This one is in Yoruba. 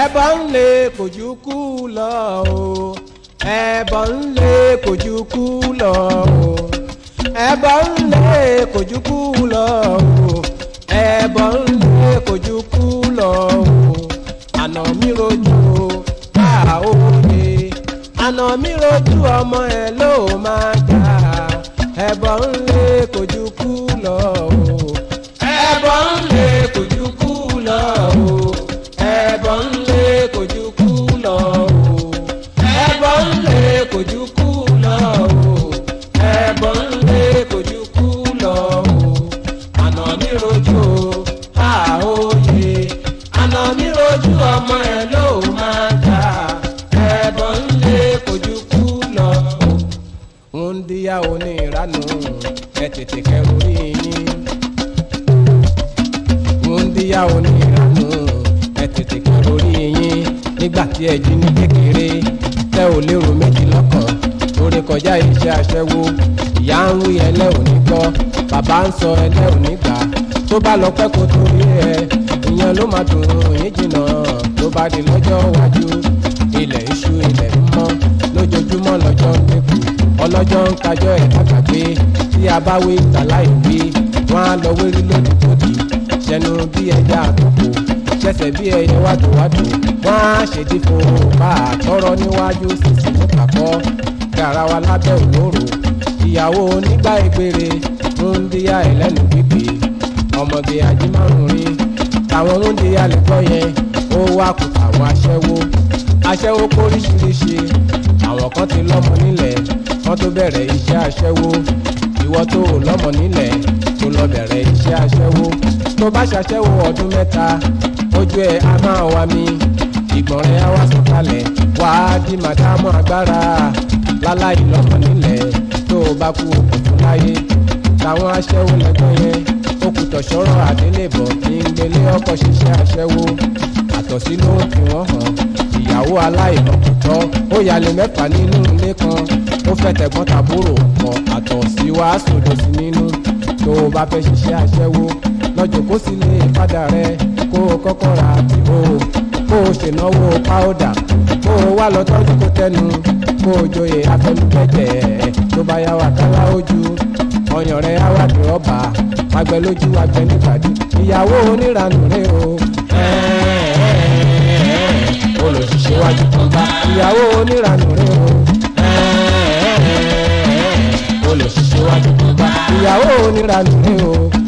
ẹbọ ń lé kojú kú lọ o ẹbọ ń lé kojú kú lọ o ẹbọ ń lé kojú kú lọ o ẹbọ ń lé kojú kú lọ o àná mi rojú o a ò lè àná mi rojú ọmọ ẹ ló máa jà ẹbọ ń lé kojú kú lọ o ẹbọ ń lé. mi rojú o a ò yè àná mi rojú ọmọ ẹ ló máa dà ẹbọ ńlẹ kojú kú lọ. ń díyà oníranú ẹ tètè kẹrù yín. ń díyà oníranú ẹ tètè kẹrù yín nígbà tí ẹ jí ní kékeré tẹ ò lérò méjì lọ́kàn lórí kọjá iṣẹ́ aṣẹ́wó ìyá ń wí ẹlẹ́ òní bàbá ń sọ ẹlẹ́ òní tó bá lọ pẹ́ kó torí ẹ̀ ìyẹn ló máa dùn yín jìnnà tó bá di lọ́jọ́ wájú ilẹ̀ iṣu ilẹ̀ mọ́ lójoojúmọ́ lọ́jọ́ ń dínkù ọlọ́jọ́ ń kájọ́ ẹ̀ dàgbàgbé tí a bá wé ìtàláì wí wọ́n á lọ wérí lódì tóbi ṣẹnu bí ẹja àtòkò ṣẹṣẹ bí ẹyẹ wádùwádù wọ́n á ṣèdí fún bá a tọrọ níwájú sísè mọ́tàkọ́ garawa lábẹ́ òlóró ìyàwó onígbà ìgbére ń díyà ẹlẹ́nu gbígbé ọmọge ajímọ̀rún rí táwọn ń di àlùkò yẹn ó wá kù táwọn aṣẹ́wó aṣẹ́wó kóríṣiríṣi àwọn kan ti lọ́mọ nílẹ̀ kan tó bẹ̀rẹ̀ iṣẹ́ aṣẹ́wó ìwọ tó o lọ́mọ nílẹ̀ tó lọ bẹ̀rẹ̀ iṣẹ́ aṣẹ́wó tó bá ṣaṣẹ́wó ọdún mẹ́ta ojú ẹ̀ á máa wá mi ìgbọ̀n rẹ̀ á wá sọ̀kalẹ̀ wàá di màdámù agbára láláì lọ́mọ nílẹ̀ tó o bá kú òkùnkùn láyé táwọn aṣẹ́wó lẹ́gbọ́n yẹn òkùtọ̀ sọ̀rọ̀ àdélébọ̀ kí n gbélé ọkọ̀ ṣiṣẹ́ aṣẹ́wó àtọ̀sí ló ń fi wọ́n hàn ìyàwó aláìmọ̀kùtọ́ ó yàlé mẹ́fà nínú ilé kan ó fẹ́ tẹ̀gbọ́n tàbúrò pọ̀ àtọ̀sí wá sòdò sí nínú tó o bá fẹ́ ṣiṣẹ́ aṣẹ́wó lọ́jọ́ kó sì lè padà rẹ kó o kọ́kọ́ ra àti o kó o ṣènáwó páódà kó o wá lọ tọ́jú kó tẹnu kó o joyè afẹnugẹ́jẹ̀ tó bá yá wa kálá ojú ọyàn rẹ̀ àwàdì ọba àgbẹ̀ lójú àgbẹ̀ nígbàdí ìyàwó oníranù rẹ̀ o. olùṣiṣẹ́ wájú kan bá ìyàwó oníranù rẹ̀ o. olùṣiṣẹ́ wájú kan bá ìyàwó oníranù rẹ̀ o.